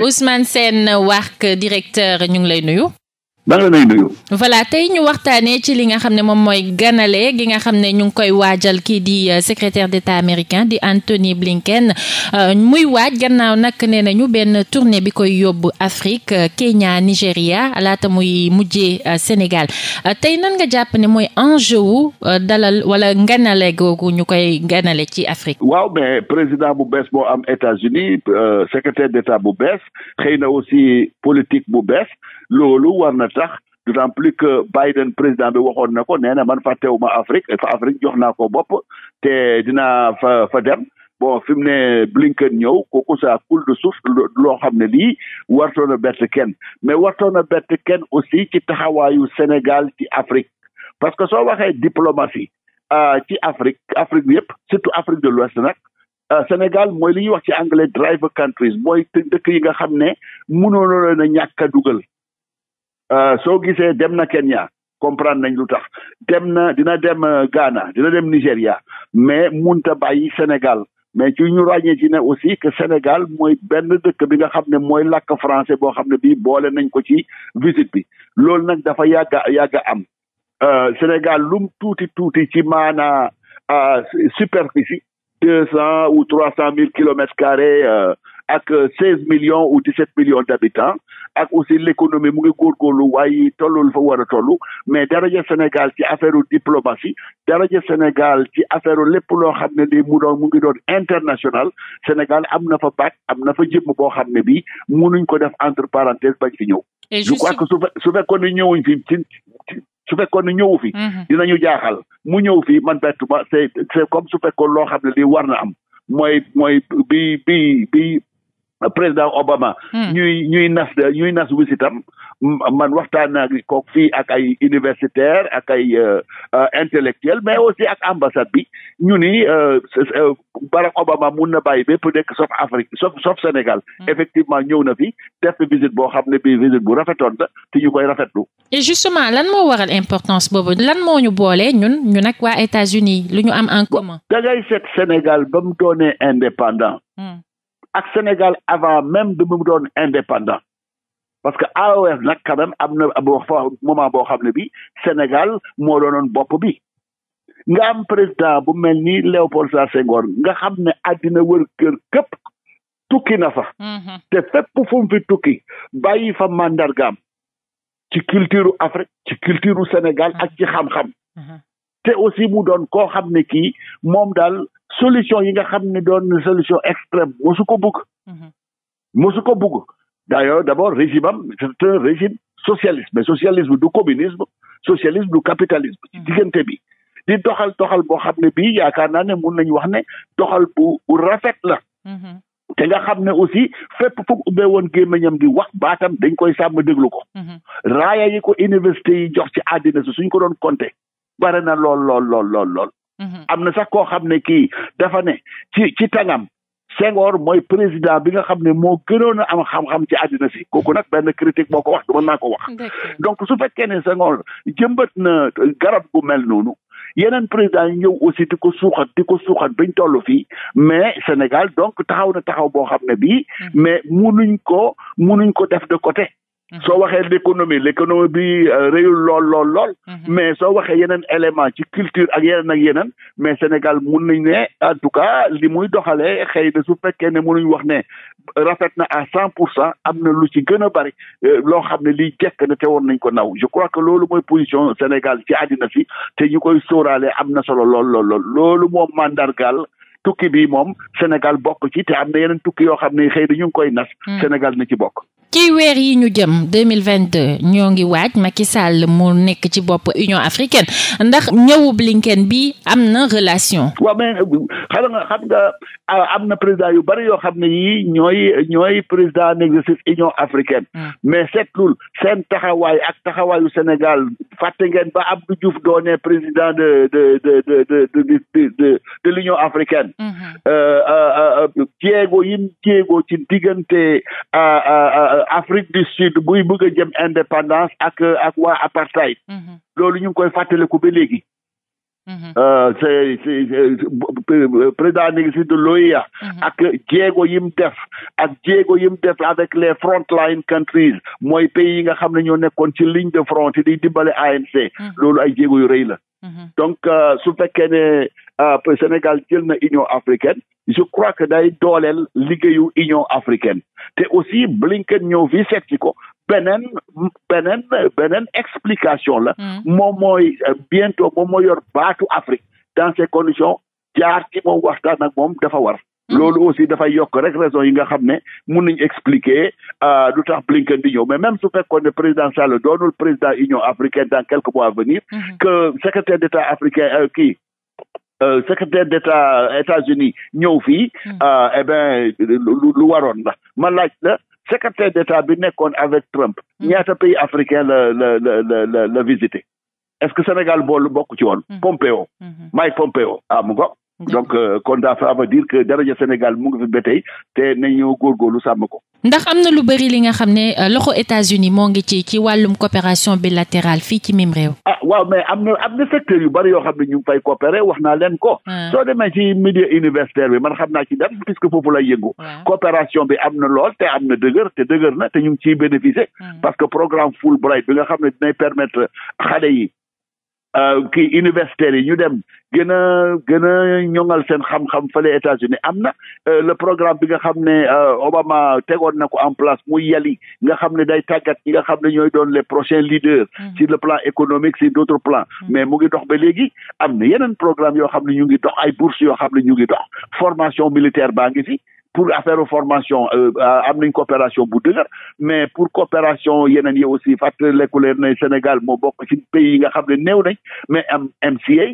Ousmane seen Warkh directeur ñu ngi lay nuyu. maa ngi lay nuyu. voilà tey ñu waxtaanee ci li nga xam ne moom mooy ganale gi nga xam ne ñu ngi koy waajal kii di euh, secrétaire d'État américain di Anthony Blinken euh, muy waaj gannaaw nag nee nañu benn tournée bi koy yóbbu Afrique euh, Kenya Nigéria laata muy mujjee Sénégal tey nan nga jàpp ne mooy enjeu wu dalal wala ganale googu ñu koy ganale ci Afrique. waaw mais président bu bees moo am États-Unis secrétaire d'État bu bees xëy na aussi politique bu bees. loolu war na tax d'autant plus que Biden président bi waxoon na ko nee na man fa teewuma Afrique fa Afrique jox naa ko bopp te dinaa fa fa dem bon fi mu ne Blinken ñëw kooku ça coule de source loo xam ne lii wartoon a bett kenn mais wartoon a bett kenn aussi ci taxawaayu Sénégal ci Afrique parce que soo waxee diplomatie euh, ci Afrique Afrique yëpp surtout Afrique de l'Ouest nag euh, Sénégal mooy li ñuy wax ci anglais driver countries mooy dëkk yi nga xam ne mënoon na ñàkk a dugal Euh, soo gisee dem na Kenya comprendre nañ lu tax dem na dina dem euh, Ghana dina dem Nigéria mais munta bàyyi Sénégal mais ci ñu ràññee ci ne aussi que Sénégal mooy benn dëkk bi nga xam ne mooy lakk français boo xam ne bii boole nañ ko ci visite bi loolu nag dafa yàgg a yàgg am euh, Sénégal lum tuuti tuuti ci maanaa superficie deux cent ou trois cent mille kilomètres carrés ak 16 euh, million ou 17 millions d'habitants ak aussi l'économie mu ngi góorgóorlu waaye tollul fa war a toll mais daraja Sénégal ci affaire u diplomatie daraja Sénégal ci affaire u lépp loo xam ne ni mu doon mu ngi doon international Sénégal am na fa baat am na fa jëmm boo xam ne bi munuñ ko def entre parenthèses bañ fi ñëw je crois que su fe su fekkoon ne ñëwuñ fi su fekkoon ne ñëwu fi dina mm-hmm. dinañu jaaxal mu ñëw fi man bettu ma c'est comme su fekkoon loo xam ne li war na am mooy mooy bi bi bi président Obama. Hmm. ñuy ñuy nas ñuy nas wisitam man waxtaan naa ko fii ak ay universitaire ak ay euh, euh, intellectuel mais aussi ak ambassade bi ñu ni euh, Barack Obama mun na bàyyi bépp dëkk sauf Afrique sauf Sénégal. Hmm. effectivement ñëw na fi def visite boo xam ne bii visite bu rafetoon la te ñu koy rafetlu. et justement lan moo waral importance boobu lan moo ñu boole ñun ñu nag waa États-Unis lu ñu am en commun. da ngay Sénégal ba mu indépendant. Hmm. ak Sénégal avant même bi mu indépendant parce que AOF nag quand même fa moment boo xam ne bi Sénégal moo doonoon bopp bi nga am président bu mel ni Léopold Sédar Senghor nga xam ne àddina wër kër tukki na fa mm-hmm. te fépp fu fi tukki bàyyi fa mandargaam ci culture Afrique ci culture Sénégal ak ci xam-xam mm-hmm. te aussi mu doon koo xam ne kii moom daal solution yi nga xam ne doon solution extrême mosu ko bugg mhm. mosu ko bugg d'ailleurs d'abord régime am c'est un régime socialiste mais socialisme du communisme socialisme du capitalisme ci mhm. diggante bi di doxal doxal boo xam ne bii yaakaar naa ne mun nañu wax ne doxal bu rafet la mhm. te nga xam ne aussi fépp fu mu ubbee woon gémmiñam di wax baatam dañ koy sàmm déglu ko raaya yi université yi jox ci àddina si suñ ko doon compter bare na lool lool lool lool lool. Mhm. am na sax koo xam ne kii dafa ne ci ci tàngam. Senghor mooy président bi nga xam ne moo gënoon a am xam-xam ci àddina si kooku nag benn critique boo ko wax du mën naa ko wax. donc su fekkee ne Senghor jëmbat na garab gu mel noonu. yeneen président yi ñëw aussi di ko suuxat di ko suuxat bañ toll fii mais Sénégal donc taxaw na taxaw boo xam ne bii. Mhm. mais munuñ ko munuñ ko def de côté. Mhm. soo waxee l'économie l'économie bi euh, réyul lool lool lool mhm. mais soo waxee yeneen élément ci culture ak yeneen ak yeneen mais Sénégal mun nañ ne en tout cas li muy doxalee xëy na su fekkee ne mënuñ wax ne rafet na à cent pour cent am na lu ci gën a bari euh, loo xam ne liy jekk na te war nañ ko naw je crois que loolu mooy position Sénégal ci àddina si te ñu koy sóoraale am na solo lool loolu moom mandargal tukki bi moom Sénégal bokk ci te am na yeneen tukki yoo xam ne xëy na koy nas mhm. Sénégal na ci bokk ci weer yi ñu jëm 2022 ñoo ngi waaj Macky Sall mu nekk ci bopp Union africaine ndax ñëwu Blinken bi am na relation. waaw mais xam nga ah, am na président yu bari yoo xam ne yii ñooy ñooy président en exercice Union africaine. Hmm. mais seetlul seen taxawaay ak taxawaayu Sénégal fàtte ngeen ba Abdou Diouf doone président de de de de de de de l'Union africaine. Hmm. Euh, euh, euh, jéego yim jéego ci diggante. Ah, ah, Euh, Afrique du Sud guy bëgg a jëm indépendance ak euh, ak waa apartheid. Mhm. loolu ñu ngi koy fàttaliku ba léegi. Mhm. Euh, c'est c'est président Négocier de ya mhm. ak jéego yim def ak jéego yim def avec les frontline countries mooy pays yi nga xam ne ñoo nekkoon ci ligne de front yi di dimbale ANC. loolu ay jéego yu rëy la. donc su fekkee Euh, Sénégal jël na Union africaine je crois que day dooleel liggéeyu Union africaine te aussi Blinken ñëw fi seet si ko beneen beneen beneen explication la hmm. moom mooy euh, bientôt moom mooy yor baatu Afrique dans ces conditions jaar ci moom waxtaan ak moom dafa war hmm. loolu aussi dafay yokk rek raison yi nga xam ne mun nañu expliquer euh, lu tax Blinken di ñëw mais même su fekkoon président Sall doonul président Union africaine dans quelques mois à venir hmm. que secrétaire d'État africain kii Euh, secrétaire d'État États-Unis ñëw fii hmm. euh, eh bien lu waroon la ma laaj la secrétaire d'État bi nekkoon avec Trump hmm. ñaata pays africain la la la la la est-ce que Sénégal boolu bokk ci woon hmm. Pompeo Mike Pompeo ah mu donc euh, kon daa fa a dire que daraja Sénégal moo ngi fi ba tey te nañu góorgóorlu sàmm ko. ndax am na lu bëri li nga xam ne euh, loxo États-Unis moo ngi ci ci wàllum coopération bilatérale fii ci mim réew. a ah, waaw mais am na am na secteur yu bëri yoo xam ne ñu ngi fay coopérer wax naa leen ko. Ah. soo demee ci milieu universitaire bi man xam naa ci dem puisque foofu lay yëngu. Ah. coopération bi am na lool te am na dëgër te dëgër na te ñu ngi ciy bénéficier. parce que programme Fulbright bi nga xam ne permettre xale yi. Euh, kii universitaires yi ñu dem gën a gën a ñoŋal seen xam-xam fële États-Unis am na euh, le programme bi nga xam ne euh, Obama tegoon na ko en place muy yali nga xam ne day tàggat ñi nga xam ne ñooy doon les prochains leaders mm. sur le plan économique sur d'autres plan mm. mais mu ngi dox ba léegi am na yeneen programme yoo xam ne ñu ngi dox ay bourses yoo xam ne ñu ngi dox formation militaire baa ngi fi pour affaire formation euh, am nañ coopération bu dëgër mais pour coopération yeneen yi aussi fàttaliku leen ne Sénégal moo bokk ci pays yi nga xam ne néew nañ mais am MCA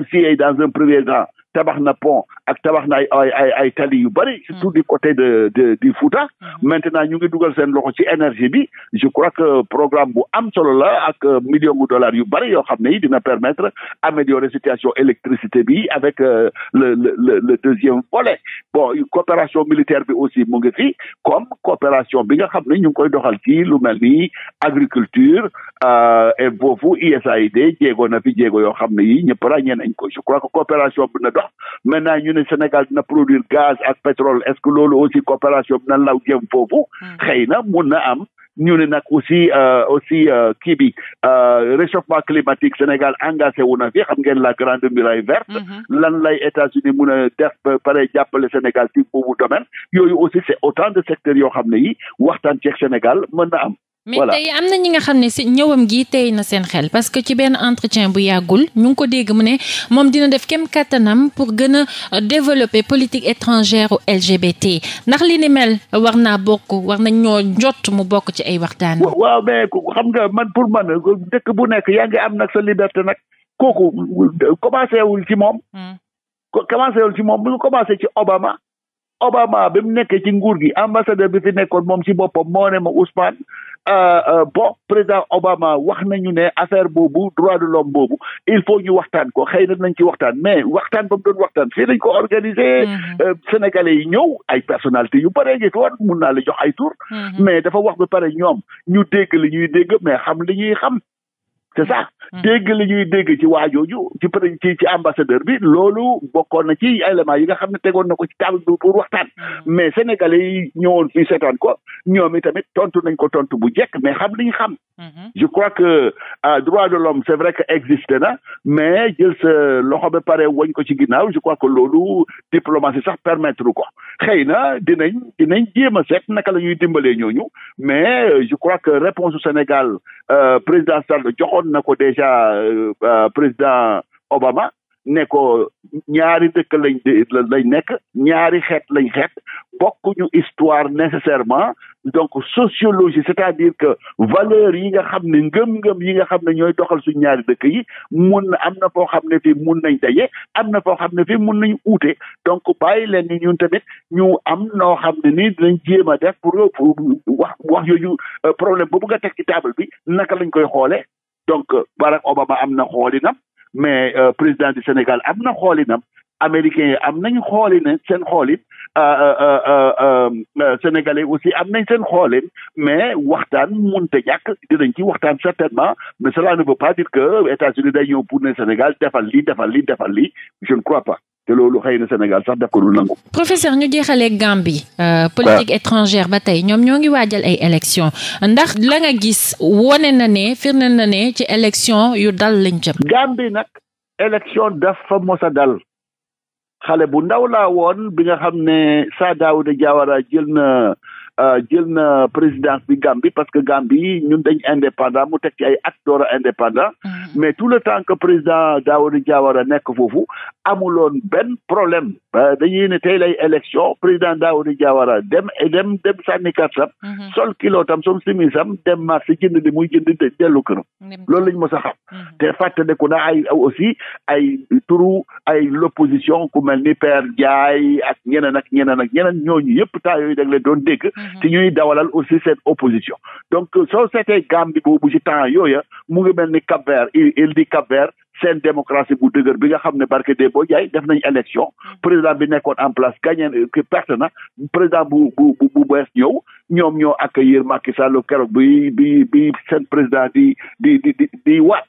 MCA dans un premier temps tabax na pon ak tabax na ay ay ay tali yu bëri mm. surtout du côté de de du Fouta mm. maintenant ñu ngi dugal seen loxo ci énergie bi je crois que programme bu am solo la ak euh, million de dollars yu bëri yoo xam ne yi dina permettre améliorer situation électricité bi avec euh, le le le deuxième volet bon coopération militaire bi aussi mu ngi fi comme coopération bi nga xam ne ñu ngi koy doxal ci lu mel ni agriculture euh, et boofu USAID jéego na fi jéego yoo xam ne yi ñëpp ràññee nañ ko je crois que coopération bi wax maintenant ñu ne Sénégal dina produire gaz ak pétrole est-ce que loolu aussi coopération bi na law jëm foofu hmm. xëy na mun na am ñu ne nag aussi euh, aussi euh, kii bi euh, réchauffement climatique Sénégal engagé wu na fi xam ngeen la grande muraille verte lan lay États-Unis mun a def pare jàppale Sénégal ci boobu domaine yooyu aussi c'est autant de secteurs yoo xam ne yi waxtaan ceeg Sénégal mën na am mais tey am na ñi nga xam ne si ñëwam gi tey na seen xel parce que ci benn entretien bu yàggul ñu ngi ko dégg mu ne moom dina def kem kattanam pour gën a euh, développer politique étrangère u LGBT ndax li ni mel war naa bokk war nañ ñoo jot mu bokk ci ay waxtaan. waaw mais xam nga man pour man dëkk bu nekk yaa ngi am nag sa liberté nag kooku commencé wul moom. Hmm. commencé wul ci moom bu ñu commencé ci Obama. Obama bi mu nekkee ci nguur gi ambassadeur bi fi nekkoon moom ci boppam moo ne ma Euh, euh, bo président Obama wax nañu ne affaire boobu droit de l'homme boobu il faut ñu waxtaan ko xëy na nañ ci waxtaan mais waxtaan ba mu doon waxtaan fii lañ ko organiser. Mm-hmm. Euh, sénégalais yi ñëw ay personalité yu bare ngi woon mun naa la jox ay tour mm-hmm. mais dafa wax ba pare ñoom ñu dégg li ñuy dégg mais xam li ñuy xam c'est ça mm. dégg li ñuy dégg ci waajooju ci ci ci ambassadeur bi loolu bokkoon na ci élément yi nga xam ne tegoon na ko ci table bi pour waxtaan mm. mais sénégalais yi ñëwoon fii seetaan ko ñoom i tamit tontu nañ ko tontu bu jekk mais xam li ñu xam mm-hmm. je crois que euh, droit de l'homme c'est vrai que existé na mais jël sa loxo ba pare wañ ko ci ginnaaw je crois que loolu diplomatie sax permettre ko xëy na dinañ dinañ jéem a seet naka la ñuy dimbalee ñooñu mais euh, je crois que réponse Sénégal euh, président Sall joxoon waxoon na ko déjà euh, euh, président Obama ne ko ñaari dëkk lañ lañ nekk ñaari xeet lañ xeet bokkuñu histoire nécessairement donc sociologie c'est-à-dire que valeur yi nga xam ne ngëm-ngëm yi nga xam ne ñooy doxal suñ ñaari dëkk yi mun na am na foo xam ne fii mun nañ daje am na foo xam ne fii mun nañ uute donc bàyyi leen ni ñun tamit ñu am noo xam ne nii nañ jéem a def pour pour wax wax yooyu euh, problème boobu nga teg ci table bi naka lañ koy xoole donc euh, Barack Obama am na xoolinam mais euh, président du Sénégal am na xoolinam américains yi am nañu xoolin seen xoolin euh, sénégalais aussi am nañ seen xoolin mais waxtaan munte ñàkk dinañ ci waxtaan certainement mais cela ne veut pas dire que États-Unis day ñëw pour ne Sénégal defal lii defal lii defal lii je ne crois pas te loolu xëy na Sénégal sax daf ko dul nangu. professeur ñu jeexalee Gambie. Euh, politique étrangère ba tey ñoom ñoo ngi waajal ay élection ndax la nga gis wone na ne firnde na ne ci élection yu dal lañ jëm. Gambie nag élection dafa mos a dal xale bu ndaw laa woon bi nga xam ne Saa Daawuda Jawara jël na. Euh, jël na présidence bi Gambie parce que Gambie ñun dañ indépendant mu teg ci ay at door a indépendant mm-hmm. mais tout le temps que président Daouda Diawara nekk foofu amuloon benn problème euh, dañu ne tey lay élection président Daouda Diawara dem dem dem sànni kartam mm-hmm. sol kilootam som simisam dem marché jënd di muy jënd di dellu këram loolu lañ mos a xam mm-hmm. te fàttaliku na ay aussi ay turu ay l'opposition ku mel ni Père Ndiaye ak ñeneen ak ñeneen ak ñeneen ñooñu yëpp taa yooyu dag leen doon dégg ci mhm. ñuy dawalal aussi seen opposition donc euh, soo seetee Gambie bu ci temps yooya mu ngi mel ni Cap Vert il di Cap Vert seen démocratie bu dëgër bi nga xam ne barke de boo jaay def nañ élection mhm. président bi nekkoon en place gagné euh, perte na président bu bu bu bees ñëw ñoom ñoo accueillir Macky Sall keroog bi bi bi seen président di di di di waat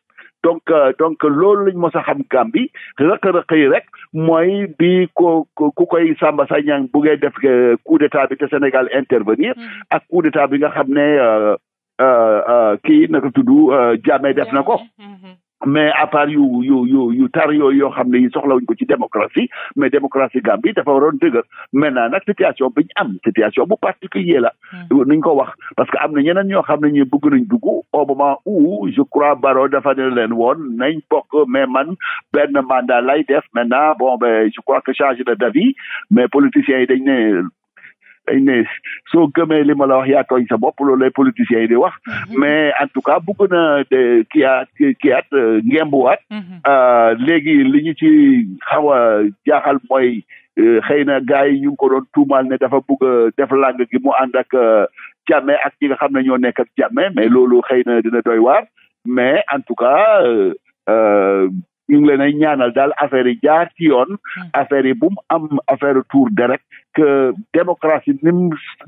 donc euh, donc loolu lañ mos a xam Gàmbi rëq-rëq yi rek mooy bi ko ku koy Samba Sagnang buggee def euh, coup d'état bi te Sénégal intervenir mm-hmm. ak coup d'état bi nga xam ne euh, kii naka tudd Jammeh def na ko mm-hmm. mais à part yu yu yu yu tar yooyu yoo xam ne yi soxlawuñ ko ci démocratie mais démocratie Gambie dafa waroon dëgër maintenant nag situation bi ñu am situation bu particulier la hmm. nuñ ko wax parce que am na ñeneen ñoo xam ne ñu bëgg nañ dugg au moment où je crois Barrow dafa ne leen woon nañ bokk mais man benn mandat lay def maintenant bon ben je crois que changé na d'avis mais politiciens yi dañ ne dañ soo gëmee li ma la wax yaa tooñ sa bopp loolu lay politiciens yi di wax mhm. mais en tout cas bëgg na ki at kiyaat euh, ngembuwaat mhm. euh, léegi li ñu ci xaw a jaaxal mooy euh, xëy na gars yi ñu ngi ko doon tuumaal ne dafa bëgg def làng gi mu ànd ak jàmme ak ñi nga xam ne ñoo nekk ak jàmme mais loolu xëy na dina doy waar mais en tout cas ñu ngi leen ay ñaanal daal affaire yi jaar ci yoon hmm. affaire yi bu mu am affaire tour deret que démocratie nim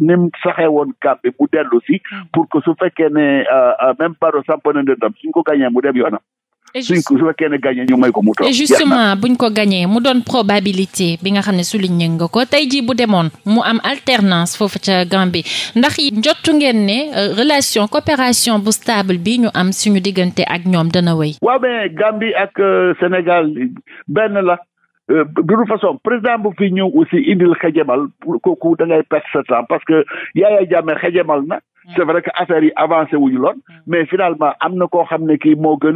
nim saxee woon kàb bu mu si hmm. pour que su fekkee ne euh, euh, même Barroso samp de ndëndam suñ ko gagné mu dem yoonam suñ ko su fekkee ne gagné ñu may ko mu toog. et justement buñ ko gagné mu doon probabilité bi nga xam ne souligné nga ko tey jii demoon mu am alternance foofu ca Gambie ndax njottu ngeen ne euh, relation coopération bu stable bi ñu am suñu diggante ak ñoom dana wéy. waaw mais Gambie ak euh, Sénégal benn la. Euh, de toute façon président ñëw aussi indil xejemal kooku da ngay perte sa parce que Yaya Jammeh xejemal na. Mm. c'est vrai que affaire yi avancé wuñu loon mm. mais finalement am na koo xam ne kii moo gën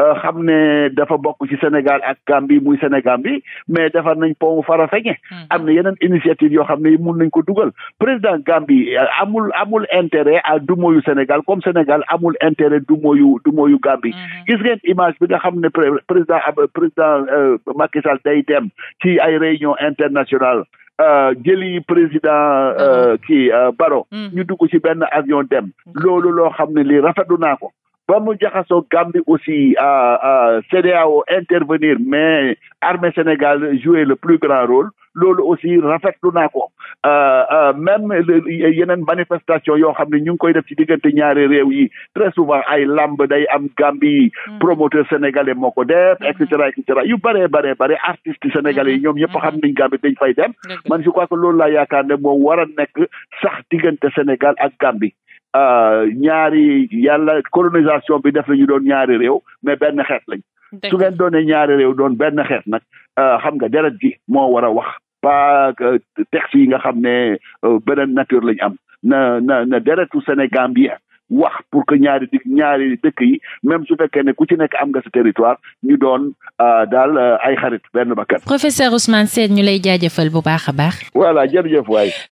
Euh, xam ne dafa bokk ci Sénégal ak Gambie muy Sénégal bi mais defar nañ fara Farafeñe mm-hmm. am na yeneen initiative yoo xam ne mun nañ ko dugal président Gambie euh, amul amul intéret à dumoyu Sénégal comme Sénégal amul intéret intérêt dumoyu dumoyu Gambie mm-hmm. gis ngeen image bi nga xam ne président président euh, Macky Sall day dem ci ay réunion internationale jëli président mm-hmm. kii Baro ñu dugg ci benn avion dem loolu loo xam ne lii rafetlu naa ko ba mu jaxasoo Gambie aussi euh, euh, CEDEAO intervenir mais armée Sénégal jouer le plus grand rôle loolu aussi rafetlu naa ko euh, même yeneen manifestation yoo xam ne ñu ngi koy def ci diggante ñaari réew yi très souvent ay lamb day am Gambie mm. promoteur sénégalais moo ko def et cetera et cetera yu bare bare bare artiste sénégalais yi mm. ñoom ñëpp xam nañ Gambie dañ fay dem man je crois que loolu laa yaakaar ne moo war a nekk sax diggante Sénégal ak Gambie Euh, ñaari yàlla colonisation bi def ñu doon ñaari réew mais benn xeet lañ su ngeen doonee ñaari réew doon benn xeet nag euh, xam nga deret gi moo war a wax pas texte yi nga xam ne euh, beneen nature lañ am na na na deretu sénégambien wax pour que ñaari di ñaari dëkk yi même su fekkee ne ku ci nekk am nga sa territoire ñu doon daal ay xarit benn bakkan professeur Ousmane Sène ñu lay jaajëfal bu baax a baax voilà jërëjëf waay